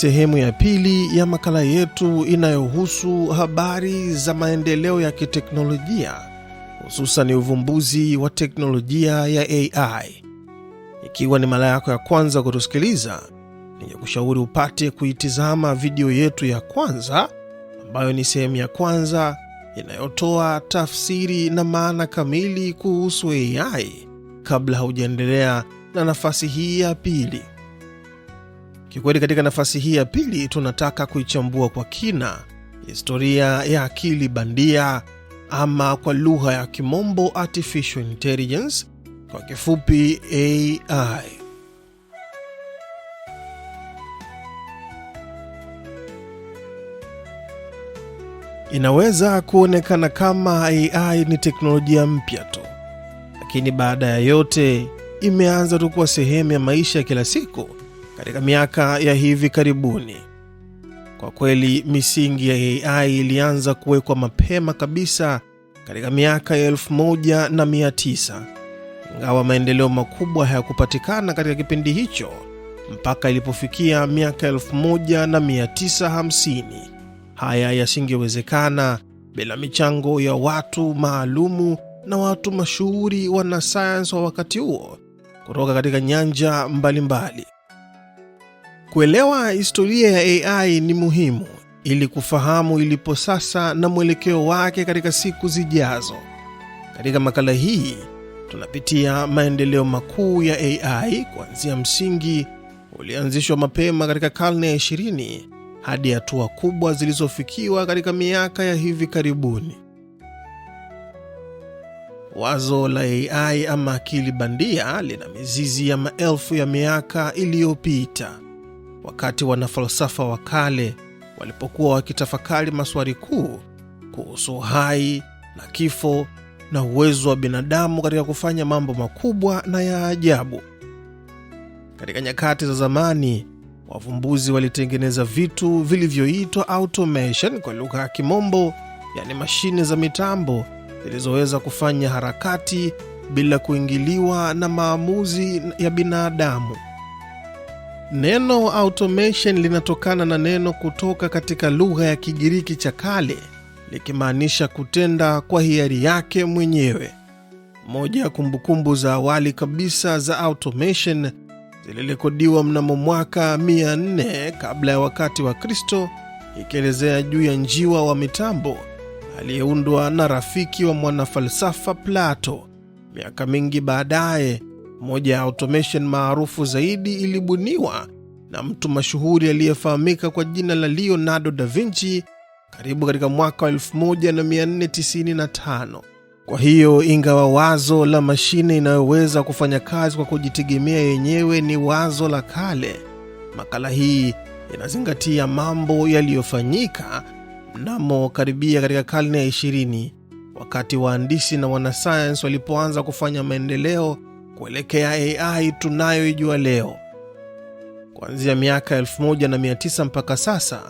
sehemu ya pili ya makala yetu inayohusu habari za maendeleo ya kiteknolojia, hususan uvumbuzi wa teknolojia ya AI. Ikiwa ni mara yako ya kwanza kutusikiliza, ningekushauri upate kuitizama video yetu ya kwanza ambayo ni sehemu ya kwanza inayotoa tafsiri na maana kamili kuhusu AI kabla haujaendelea na nafasi hii ya pili. Kiukweli, katika nafasi hii ya pili tunataka kuichambua kwa kina historia ya akili bandia ama kwa lugha ya kimombo artificial intelligence, kwa kifupi AI. Inaweza kuonekana kama AI ni teknolojia mpya tu, lakini baada ya yote imeanza tu kuwa sehemu ya maisha ya kila siku katika miaka ya hivi karibuni. Kwa kweli misingi ya AI ilianza kuwekwa mapema kabisa katika miaka ya 1900 ingawa maendeleo makubwa hayakupatikana katika kipindi hicho mpaka ilipofikia miaka 1950. Haya yasingewezekana bila michango ya watu maalumu na watu mashuhuri wanasayansi wa wakati huo kutoka katika nyanja mbalimbali mbali. Kuelewa historia ya AI ni muhimu ili kufahamu ilipo sasa na mwelekeo wake katika siku zijazo. Katika makala hii tunapitia maendeleo makuu ya AI kuanzia msingi ulianzishwa mapema katika karne ya 20 hadi hatua kubwa zilizofikiwa katika miaka ya hivi karibuni. Wazo la AI ama akili bandia lina mizizi ya maelfu ya miaka iliyopita wakati wanafalsafa wa kale walipokuwa wakitafakari maswali kuu kuhusu uhai na kifo na uwezo wa binadamu katika kufanya mambo makubwa na ya ajabu. Katika nyakati za zamani, wavumbuzi walitengeneza vitu vilivyoitwa automation kwa lugha ya Kimombo, yaani mashine za mitambo zilizoweza kufanya harakati bila kuingiliwa na maamuzi ya binadamu. Neno automation linatokana na neno kutoka katika lugha ya Kigiriki cha kale likimaanisha kutenda kwa hiari yake mwenyewe. Moja ya kumbukumbu za awali kabisa za automation zilirekodiwa mnamo mwaka 400 kabla ya wakati wa Kristo, ikielezea juu ya njiwa wa mitambo aliyeundwa na rafiki wa mwanafalsafa Plato. Miaka mingi baadaye moja ya automation maarufu zaidi ilibuniwa na mtu mashuhuri aliyefahamika kwa jina la Leonardo da Vinci karibu katika mwaka wa 1495. Kwa hiyo ingawa wazo la mashine inayoweza kufanya kazi kwa kujitegemea yenyewe ni wazo la kale, makala hii inazingatia mambo yaliyofanyika mnamo karibia katika karne ya 20 wakati waandishi na wanasayansi walipoanza kufanya maendeleo kuelekea AI tunayoijua leo. Kuanzia miaka 1900 mpaka sasa,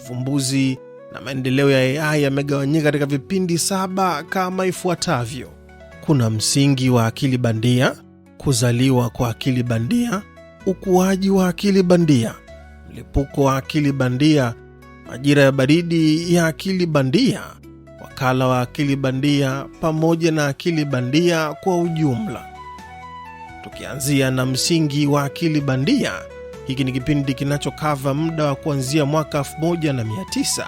uvumbuzi na maendeleo ya AI yamegawanyika katika vipindi saba kama ifuatavyo: kuna msingi wa akili bandia, kuzaliwa kwa akili bandia, ukuaji wa akili bandia, mlipuko wa akili bandia, majira ya baridi ya akili bandia, wakala wa akili bandia, pamoja na akili bandia kwa ujumla tukianzia na msingi wa akili bandia. Hiki ni kipindi kinachokava muda wa kuanzia mwaka 1900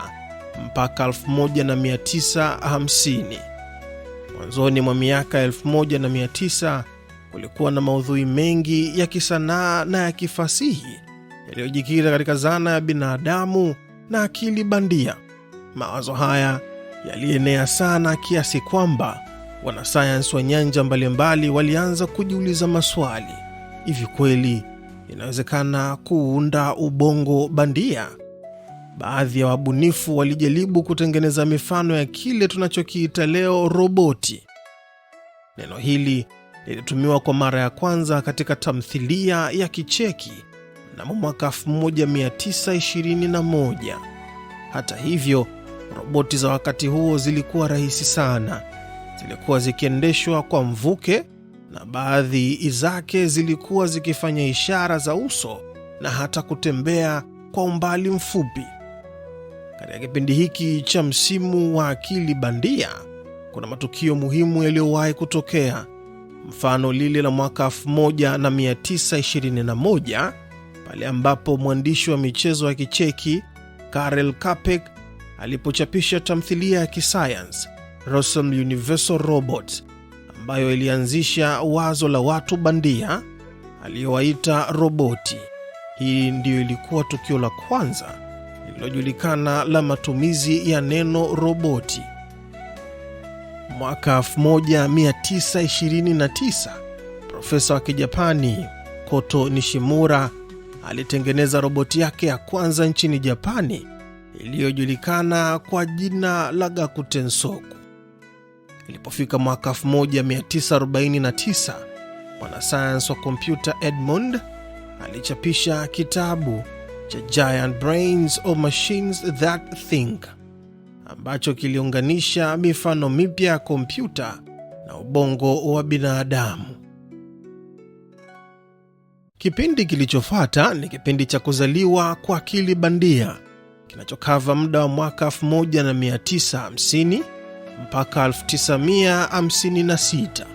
mpaka 1950. Mwanzoni mwa miaka 1900 kulikuwa na maudhui mengi ya kisanaa na ya kifasihi yaliyojikita katika zana ya binadamu na akili bandia. Mawazo haya yalienea sana kiasi kwamba wanasayansi wa nyanja mbalimbali walianza kujiuliza maswali: hivi kweli inawezekana kuunda ubongo bandia? Baadhi ya wabunifu walijaribu kutengeneza mifano ya kile tunachokiita leo roboti. Neno hili lilitumiwa kwa mara ya kwanza katika tamthilia ya Kicheki mnamo mwaka 1921. Hata hivyo, roboti za wakati huo zilikuwa rahisi sana zilikuwa zikiendeshwa kwa mvuke na baadhi zake zilikuwa zikifanya ishara za uso na hata kutembea kwa umbali mfupi. Katika kipindi hiki cha msimu wa akili bandia, kuna matukio muhimu yaliyowahi kutokea, mfano lile la mwaka 1921 pale ambapo mwandishi wa michezo ya kicheki Karel Kapek alipochapisha tamthilia ya kisayansi Rossum Universal Robot ambayo ilianzisha wazo la watu bandia aliyowaita roboti. Hii ndiyo ilikuwa tukio la kwanza lililojulikana la matumizi ya neno roboti. Mwaka 1929 profesa wa Kijapani Koto Nishimura alitengeneza roboti yake ya kwanza nchini Japani iliyojulikana kwa jina la Gakutensoku. Ilipofika mwaka 1949 mwanasayansi wa kompyuta Edmund alichapisha kitabu cha Giant Brains of Machines That Think ambacho kiliunganisha mifano mipya ya kompyuta na ubongo wa binadamu. Kipindi kilichofuata ni kipindi cha kuzaliwa kwa akili bandia kinachokava muda wa mwaka 1950 mpaka 1956.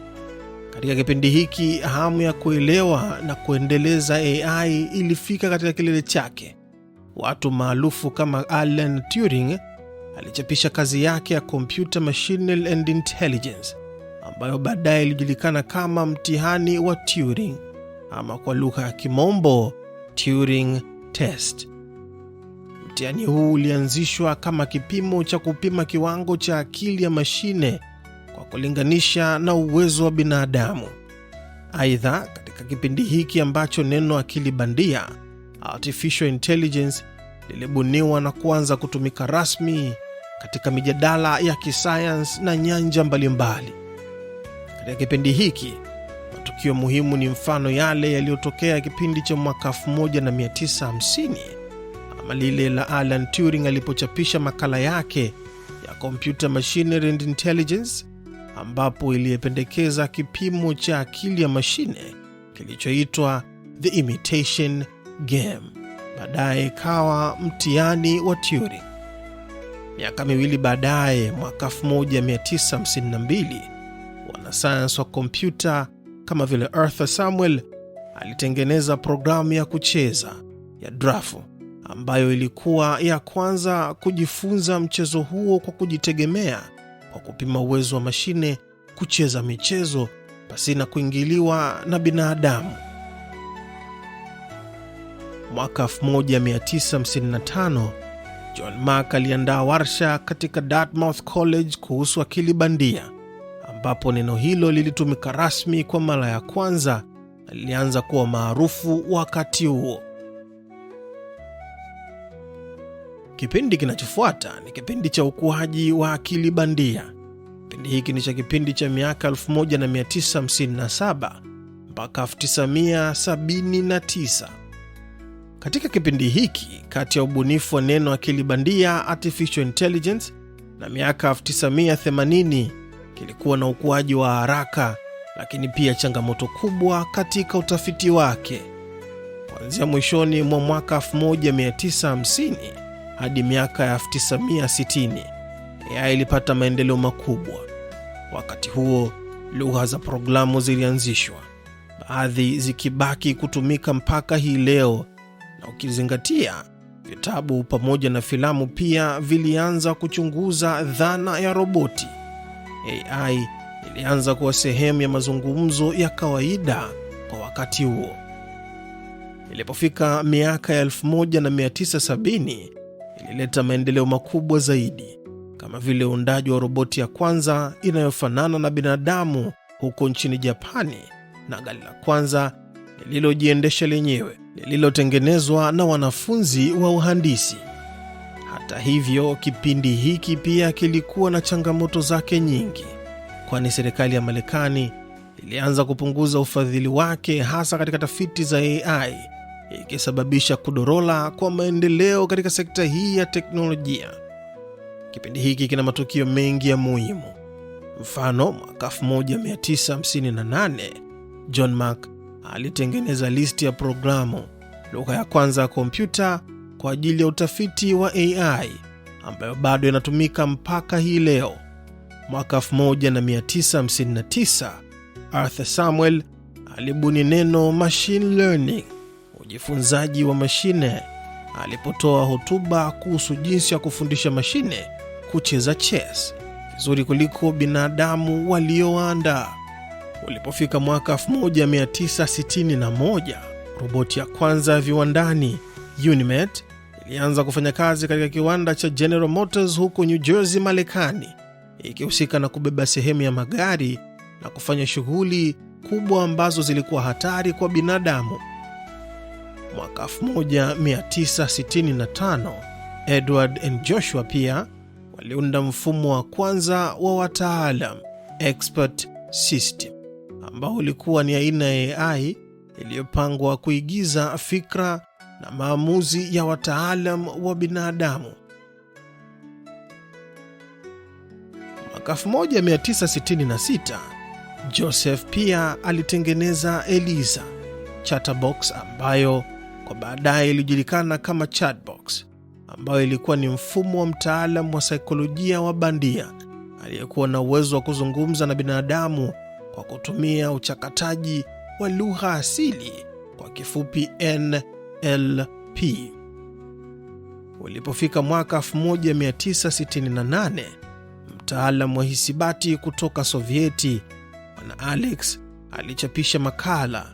Katika kipindi hiki hamu ya kuelewa na kuendeleza AI ilifika katika kilele chake. Watu maarufu kama Alan Turing alichapisha kazi yake ya Computer Machinery and Intelligence ambayo baadaye ilijulikana kama mtihani wa Turing ama kwa lugha ya Kimombo Turing Test. Mtihani huu ulianzishwa kama kipimo cha kupima kiwango cha akili ya mashine kwa kulinganisha na uwezo wa binadamu. Aidha, katika kipindi hiki ambacho neno akili bandia, artificial intelligence, lilibuniwa na kuanza kutumika rasmi katika mijadala ya kisayansi na nyanja mbalimbali. Katika kipindi hiki matukio muhimu ni mfano yale yaliyotokea kipindi cha mwaka 1950 kama lile la Alan Turing alipochapisha makala yake ya Computer Machinery and Intelligence, ambapo iliyependekeza kipimo cha akili ya mashine kilichoitwa The Imitation Game, baadaye ikawa mtihani wa Turing. Miaka miwili baadaye, mwaka 1952, wanasayansi wa kompyuta kama vile Arthur Samuel alitengeneza programu ya kucheza ya drafu ambayo ilikuwa ya kwanza kujifunza mchezo huo kwa kujitegemea kwa kupima uwezo wa mashine kucheza michezo pasina kuingiliwa na binadamu. Mwaka 1955 John Mark aliandaa warsha katika Dartmouth College kuhusu akili bandia, ambapo neno hilo lilitumika rasmi kwa mara ya kwanza na lilianza kuwa maarufu wakati huo. Kipindi kinachofuata ni kipindi cha ukuaji wa akili bandia. Kipindi hiki ni cha kipindi cha miaka 1957 mpaka 1979. Katika kipindi hiki kati ya ubunifu wa neno akili bandia artificial intelligence na miaka 1980 kilikuwa na ukuaji wa haraka, lakini pia changamoto kubwa katika utafiti wake. Kuanzia mwishoni mwa mwaka 1950 hadi miaka ya 1960 AI ilipata maendeleo makubwa. Wakati huo lugha za programu zilianzishwa, baadhi zikibaki kutumika mpaka hii leo, na ukizingatia vitabu pamoja na filamu pia vilianza kuchunguza dhana ya roboti. AI ilianza kuwa sehemu ya mazungumzo ya kawaida kwa wakati huo. Ilipofika miaka ya 1970 ilileta maendeleo makubwa zaidi kama vile uundaji wa roboti ya kwanza inayofanana na binadamu huko nchini Japani na gari la kwanza lililojiendesha lenyewe lililotengenezwa na wanafunzi wa uhandisi. Hata hivyo, kipindi hiki pia kilikuwa na changamoto zake nyingi, kwani serikali ya Marekani ilianza kupunguza ufadhili wake hasa katika tafiti za AI ikisababisha kudorola kwa maendeleo katika sekta hii ya teknolojia. Kipindi hiki kina matukio mengi ya muhimu. Mfano, mwaka 1958 John Mark alitengeneza listi ya programu, lugha ya kwanza ya kompyuta kwa ajili ya utafiti wa AI ambayo bado inatumika mpaka hii leo. Mwaka 1959 Arthur Samuel alibuni neno machine learning ujifunzaji wa mashine alipotoa hotuba kuhusu jinsi ya kufundisha mashine kucheza chess vizuri kuliko binadamu walioanda. Ulipofika mwaka 1961, roboti ya kwanza ya viwandani Unimet ilianza kufanya kazi katika kiwanda cha General Motors huko New Jersey, Marekani, ikihusika na kubeba sehemu ya magari na kufanya shughuli kubwa ambazo zilikuwa hatari kwa binadamu. Mwaka 1965 Edward and Joshua pia waliunda mfumo wa kwanza wa wataalam expert system, ambao ulikuwa ni aina ya AI iliyopangwa kuigiza fikra na maamuzi ya wataalam wa binadamu. Mwaka 1966 Joseph pia alitengeneza Eliza chatterbox ambayo kwa baadaye ilijulikana kama Chatbox, ambayo ilikuwa ni mfumo wa mtaalam wa saikolojia wa bandia aliyekuwa na uwezo wa kuzungumza na binadamu kwa kutumia uchakataji wa lugha asili, kwa kifupi NLP. Ulipofika mwaka 1968, mtaalamu wa hisibati kutoka Sovieti Bwana Alex alichapisha makala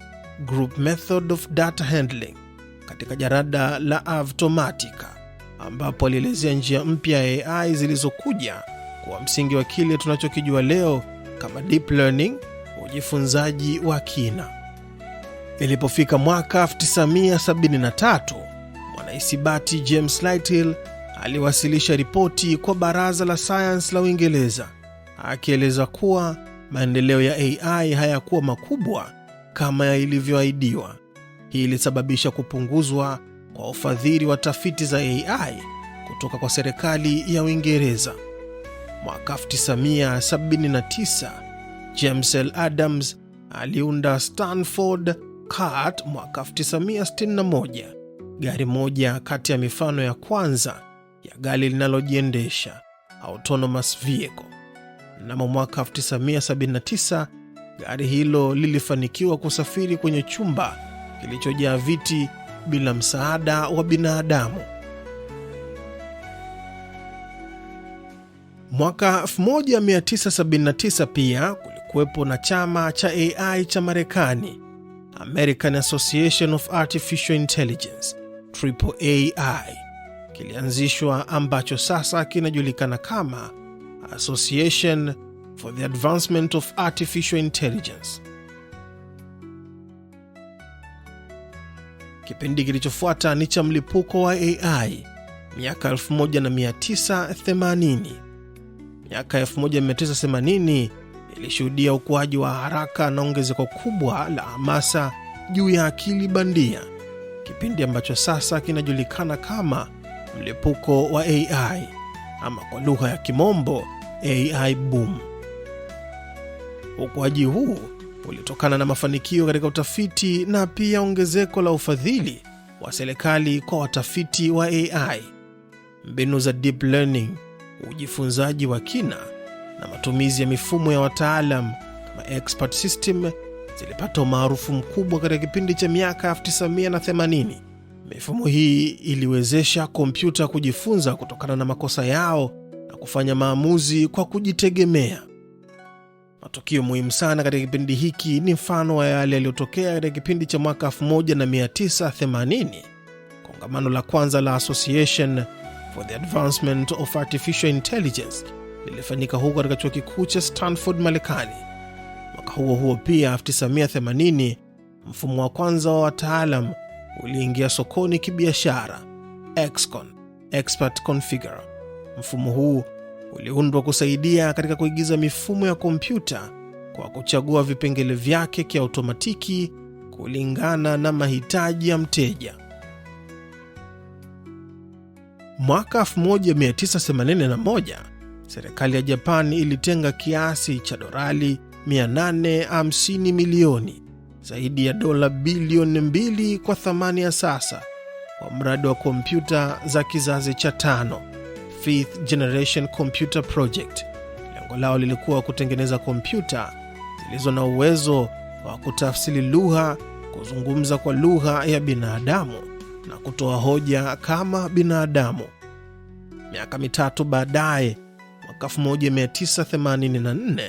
Group Method of Data Handling katika jarada la avtomatica ambapo alielezea njia mpya ya AI zilizokuja kuwa msingi wa kile tunachokijua leo kama deep learning, ujifunzaji wa kina. Ilipofika mwaka 1973, mwanahisabati James Lighthill aliwasilisha ripoti kwa Baraza la Sayansi la Uingereza akieleza kuwa maendeleo ya AI hayakuwa makubwa kama ilivyoahidiwa, hii ilisababisha kupunguzwa kwa ufadhili wa tafiti za AI kutoka kwa serikali ya Uingereza. Mwaka 1979 James L. Adams aliunda Stanford Cart mwaka 1961, gari moja kati ya mifano ya kwanza ya gari linalojiendesha autonomous vehicle. Mnamo mwaka 1979 gari hilo lilifanikiwa kusafiri kwenye chumba kilichojaa viti bila msaada wa binadamu. Mwaka 1979 pia kulikuwepo na chama cha AI cha Marekani, American Association of Artificial Intelligence, AAAI, kilianzishwa ambacho sasa kinajulikana kama Association for the Advancement of Artificial Intelligence. Kipindi kilichofuata ni cha mlipuko wa AI miaka 1980. Miaka 1980 ilishuhudia ukuaji wa haraka na ongezeko kubwa la hamasa juu ya akili bandia, kipindi ambacho sasa kinajulikana kama mlipuko wa AI ama kwa lugha ya kimombo AI boom. Ukuaji huu ulitokana na mafanikio katika utafiti na pia ongezeko la ufadhili wa serikali kwa watafiti wa AI, mbinu za deep learning, ujifunzaji wa kina na matumizi ya mifumo ya wataalam kama expert system zilipata umaarufu mkubwa katika kipindi cha miaka 1980. Mifumo hii iliwezesha kompyuta kujifunza kutokana na makosa yao na kufanya maamuzi kwa kujitegemea. Matukio muhimu sana katika kipindi hiki ni mfano wa yale yaliyotokea katika kipindi cha mwaka 1980 kongamano la kwanza la Association for the Advancement of Artificial Intelligence lilifanyika huko katika chuo kikuu cha Stanford, Marekani. Mwaka huo huo pia 1980 mfumo wa kwanza wa wataalam uliingia sokoni kibiashara, XCON, expert configure. Mfumo huu uliundwa kusaidia katika kuigiza mifumo ya kompyuta kwa kuchagua vipengele vyake kiautomatiki kulingana na mahitaji ya mteja. Mwaka 1981 serikali ya Japan ilitenga kiasi cha dorali 850 milioni, zaidi ya dola bilioni mbili kwa thamani ya sasa, kwa mradi wa kompyuta za kizazi cha tano. Fifth Generation Computer Project. Lengo lao lilikuwa kutengeneza kompyuta zilizo na uwezo wa kutafsiri lugha, kuzungumza kwa lugha ya binadamu na kutoa hoja kama binadamu. Miaka mitatu baadaye, mwaka 1984,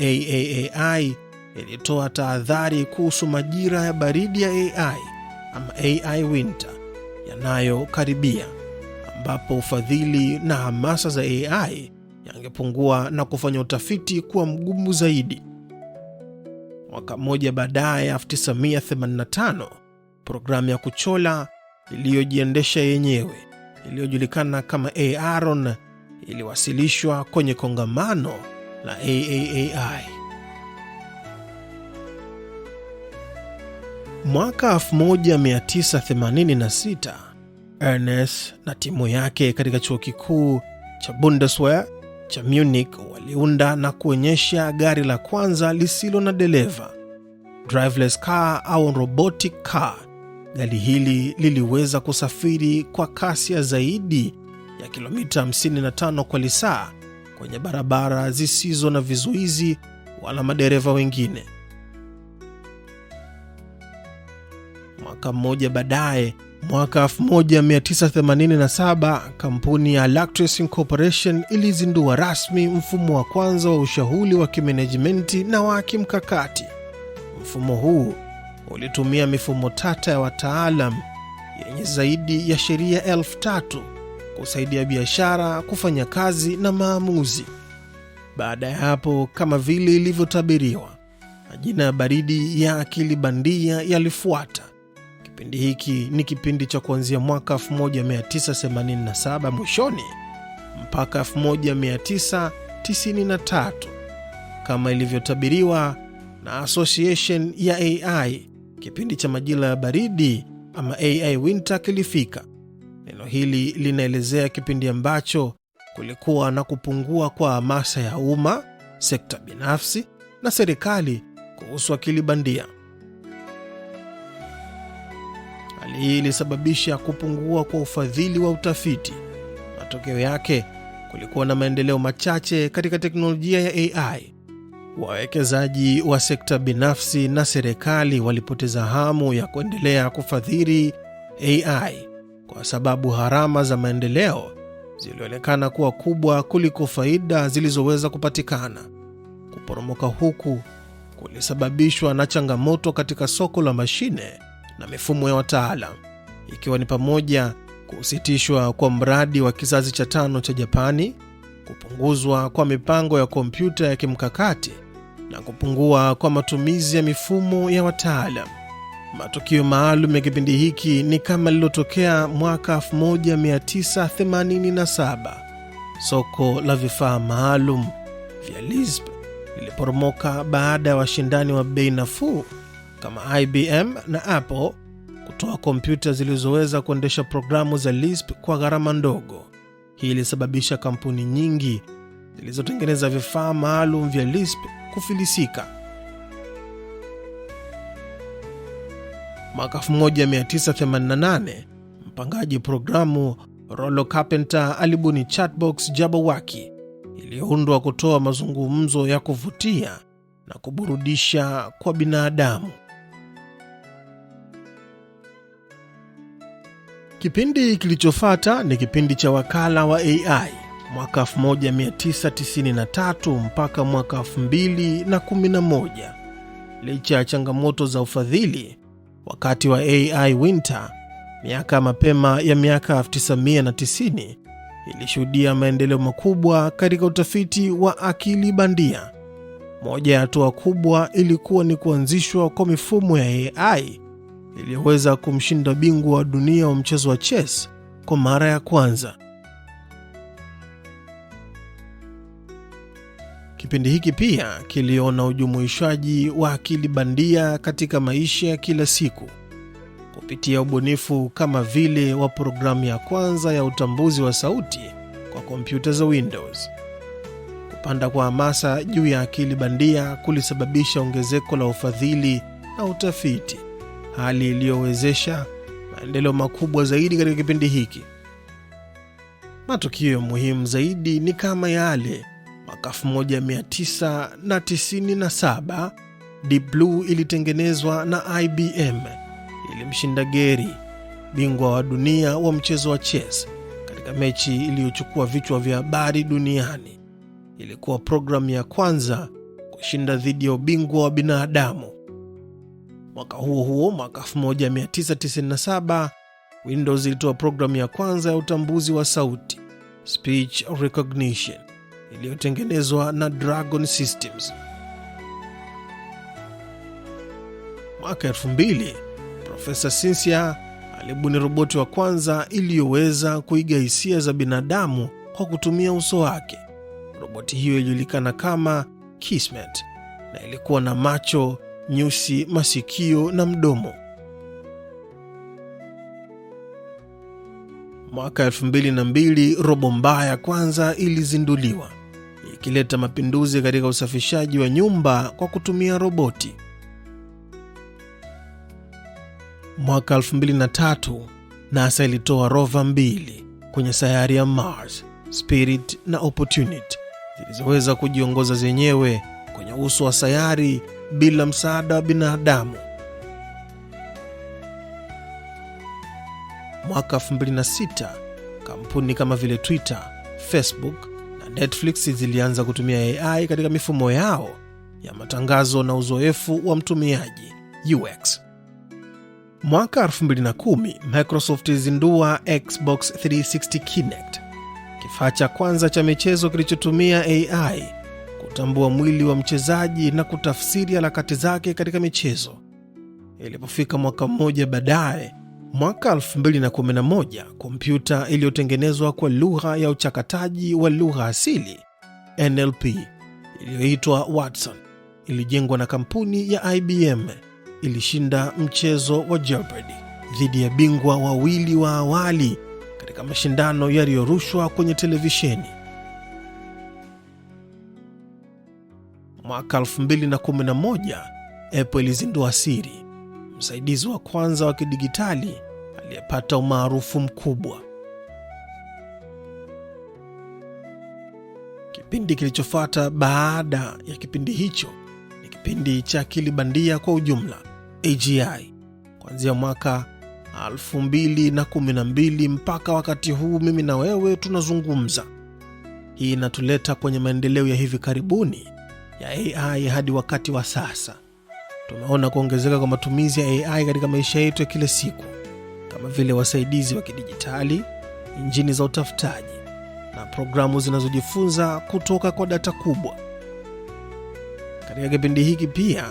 AAAI ilitoa tahadhari kuhusu majira ya baridi ya AI ama AI winter yanayokaribia ambapo ufadhili na hamasa za AI yangepungua na kufanya utafiti kuwa mgumu zaidi. Mwaka mmoja baadaye, 1985, programu ya kuchola iliyojiendesha yenyewe iliyojulikana kama AARON iliwasilishwa kwenye kongamano la AAAI. Mwaka 1986 Ernest na timu yake katika chuo kikuu cha Bundeswehr cha Munich waliunda na kuonyesha gari la kwanza lisilo na dereva, driveless car au robotic car. Gari hili liliweza kusafiri kwa kasi ya zaidi ya kilomita 55 kwa lisaa kwenye barabara zisizo na vizuizi wala madereva wengine. Mwaka mmoja baadaye Mwaka 1987 kampuni ya Lactalis Incorporation ilizindua rasmi mfumo wa kwanza wa ushauri wa kimenejimenti na wa kimkakati. Mfumo huu ulitumia mifumo tata ya wataalam yenye zaidi ya sheria elfu tatu kusaidia biashara kufanya kazi na maamuzi. Baada ya hapo, kama vile ilivyotabiriwa, majina ya baridi ya akili bandia yalifuata. Kipindi hiki ni kipindi cha kuanzia mwaka 1987 mwishoni mpaka 1993 kama ilivyotabiriwa na Association ya AI. Kipindi cha majira ya baridi ama AI winter kilifika. Neno hili linaelezea kipindi ambacho kulikuwa na kupungua kwa hamasa ya umma, sekta binafsi na serikali kuhusu akili bandia. Hali hii ilisababisha kupungua kwa ufadhili wa utafiti. Matokeo yake, kulikuwa na maendeleo machache katika teknolojia ya AI. Wawekezaji wa sekta binafsi na serikali walipoteza hamu ya kuendelea kufadhili AI kwa sababu gharama za maendeleo zilionekana kuwa kubwa kuliko faida zilizoweza kupatikana. Kuporomoka huku kulisababishwa na changamoto katika soko la mashine na mifumo ya wataala, ikiwa ni pamoja kusitishwa kwa mradi wa kizazi cha tano cha Japani, kupunguzwa kwa mipango ya kompyuta ya kimkakati na kupungua kwa matumizi ya mifumo ya wataala. Matukio maalum ya kipindi hiki ni kama lililotokea mwaka 1987. Soko la vifaa maalum vya Lisp liliporomoka baada ya washindani wa bei nafuu kama IBM na Apple kutoa kompyuta zilizoweza kuendesha programu za Lisp kwa gharama ndogo. Hii ilisababisha kampuni nyingi zilizotengeneza vifaa maalum vya Lisp kufilisika. Mwaka 1988 mpangaji programu Rollo Carpenter alibuni chatbox Jabberwocky iliyoundwa kutoa mazungumzo ya kuvutia na kuburudisha kwa binadamu. Kipindi kilichofata ni kipindi cha wakala wa AI mwaka 1993 mpaka mwaka 2011. Licha ya changamoto za ufadhili wakati wa AI Winter, miaka mapema ya miaka 1990 ilishuhudia maendeleo makubwa katika utafiti wa akili bandia. Moja ya hatua kubwa ilikuwa ni kuanzishwa kwa mifumo ya AI iliyoweza kumshinda bingwa wa dunia wa mchezo wa chess kwa mara ya kwanza. Kipindi hiki pia kiliona ujumuishaji wa akili bandia katika maisha ya kila siku kupitia ubunifu kama vile wa programu ya kwanza ya utambuzi wa sauti kwa kompyuta za Windows. Kupanda kwa hamasa juu ya akili bandia kulisababisha ongezeko la ufadhili na utafiti hali iliyowezesha maendeleo makubwa zaidi katika kipindi hiki. Matukio muhimu zaidi ni kama yale mwaka 1997 Deep Blue ilitengenezwa na IBM, ilimshinda geri bingwa wa dunia wa mchezo wa chess, katika mechi iliyochukua vichwa vya habari duniani. Ilikuwa programu ya kwanza kushinda dhidi ya ubingwa wa binadamu Mwaka huo huo, mwaka 1997, Windows ilitoa programu ya kwanza ya utambuzi wa sauti, speech recognition, iliyotengenezwa na Dragon Systems. Mwaka 2000, Profesa Sinsia alibuni roboti wa kwanza iliyoweza kuiga hisia za binadamu kwa kutumia uso wake. Roboti hiyo ilijulikana kama Kismet na ilikuwa na macho nyusi, masikio na mdomo. Mwaka 2002 robo mbaya kwanza ilizinduliwa ikileta mapinduzi katika usafishaji wa nyumba kwa kutumia roboti. Mwaka 2003 NASA ilitoa rova mbili kwenye sayari ya Mars, Spirit na Opportunity, zilizoweza kujiongoza zenyewe kwenye uso wa sayari bila msaada wa binadamu. Mwaka 2006 kampuni kama vile Twitter, Facebook na Netflix zilianza kutumia AI katika mifumo yao ya matangazo na uzoefu wa mtumiaji UX. Mwaka 2010 Microsoft ilizindua Xbox 360 Kinect, kifaa cha kwanza cha michezo kilichotumia AI kutambua mwili wa mchezaji na kutafsiri harakati zake katika michezo. Ilipofika mwaka mmoja baadaye, mwaka 2011, kompyuta iliyotengenezwa kwa lugha ya uchakataji wa lugha asili NLP iliyoitwa Watson ilijengwa na kampuni ya IBM ilishinda mchezo wa Jeopardy dhidi ya bingwa wawili wa awali katika mashindano yaliyorushwa kwenye televisheni. Mwaka 2011 Apple ilizindua Siri, msaidizi wa kwanza wa kidijitali aliyepata umaarufu mkubwa. Kipindi kilichofuata baada ya kipindi hicho ni kipindi cha akili bandia kwa ujumla, AGI, kuanzia mwaka 2012 mpaka wakati huu mimi na wewe tunazungumza. Hii inatuleta kwenye maendeleo ya hivi karibuni ya AI hadi wakati wa sasa. Tumeona kuongezeka kwa matumizi ya AI katika maisha yetu ya kila siku kama vile wasaidizi wa kidijitali, injini za utafutaji na programu zinazojifunza kutoka kwa data kubwa. Katika kipindi hiki pia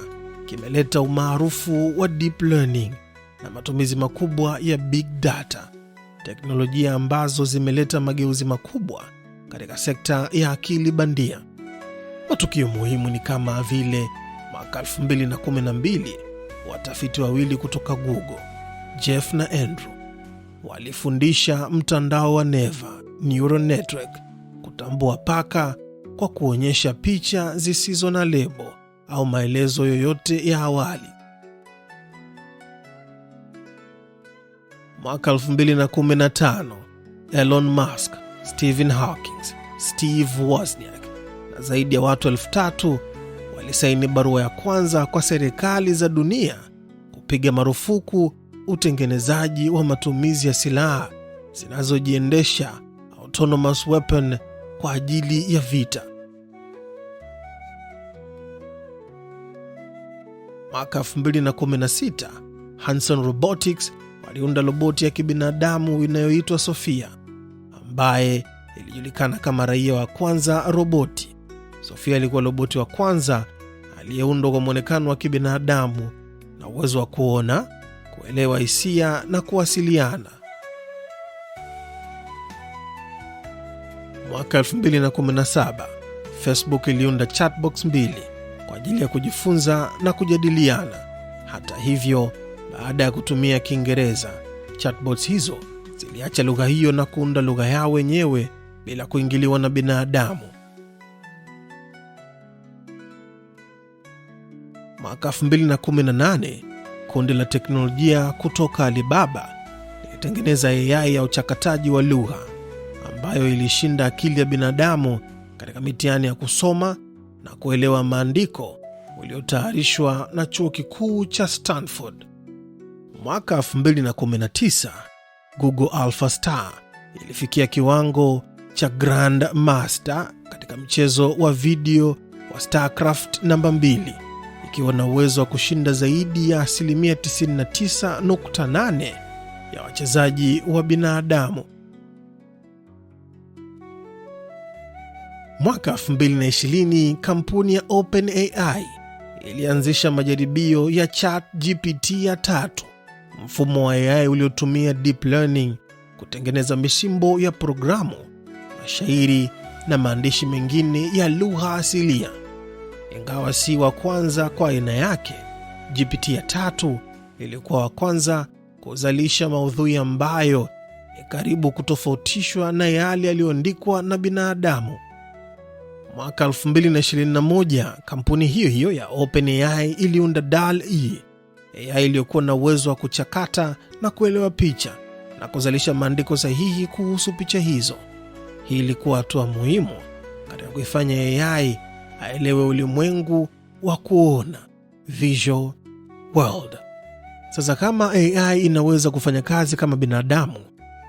kimeleta umaarufu wa deep learning na matumizi makubwa ya big data, teknolojia ambazo zimeleta mageuzi makubwa katika sekta ya akili bandia Matukio muhimu ni kama vile mwaka 2012 watafiti wawili kutoka Google, Jeff na Andrew, walifundisha mtandao wa neva neural network kutambua paka kwa kuonyesha picha zisizo na lebo au maelezo yoyote ya awali. Mwaka 2015, Elon Musk, Stephen Hawking, Steve Wozniak na zaidi ya watu elfu tatu walisaini barua ya kwanza kwa serikali za dunia kupiga marufuku utengenezaji wa matumizi ya silaha zinazojiendesha autonomous weapon kwa ajili ya vita. Mwaka 2016 Hanson Robotics waliunda roboti ya kibinadamu inayoitwa Sofia ambaye ilijulikana kama raia wa kwanza roboti. Sofia alikuwa roboti wa kwanza aliyeundwa kwa mwonekano wa kibinadamu na uwezo wa kuona, kuelewa hisia na kuwasiliana. Mwaka 2017 Facebook iliunda chatbox mbili kwa ajili ya kujifunza na kujadiliana. Hata hivyo, baada ya kutumia Kiingereza, chatbots hizo ziliacha lugha hiyo na kuunda lugha yao wenyewe bila kuingiliwa na binadamu. Mwaka 2018 kundi la teknolojia kutoka Alibaba lilitengeneza AI ya uchakataji wa lugha ambayo ilishinda akili ya binadamu katika mitihani ya kusoma na kuelewa maandiko uliotayarishwa na chuo kikuu cha Stanford. Mwaka 2019 Google star ilifikia kiwango cha Grand Master katika mchezo wa video wa StarCraft namba 2 ikiwa na uwezo wa kushinda zaidi ya asilimia 99.8 ya wachezaji wa binadamu. Mwaka 2020 kampuni ya OpenAI ilianzisha majaribio ya ChatGPT ya tatu, mfumo wa AI uliotumia deep learning kutengeneza misimbo ya programu, mashairi na maandishi mengine ya lugha asilia ingawa si wa kwanza kwa aina yake. GPT ya tatu ilikuwa wa kwanza kuzalisha maudhui ambayo ni karibu kutofautishwa na yale yaliyoandikwa na binadamu. Mwaka 2021 kampuni hiyo hiyo ya OpenAI iliunda DALL-E, AI iliyokuwa na uwezo wa kuchakata na kuelewa picha na kuzalisha maandiko sahihi kuhusu picha hizo. Hii ilikuwa hatua muhimu katika kuifanya AI aelewe ulimwengu wa kuona, visual world. Sasa kama AI inaweza kufanya kazi kama binadamu,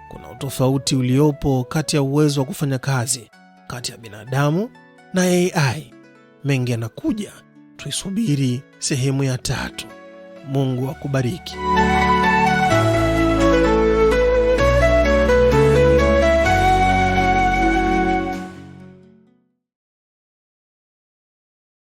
kuna utofauti uliopo kati ya uwezo wa kufanya kazi kati ya binadamu na AI. Mengi yanakuja, tuisubiri sehemu ya tatu. Mungu akubariki.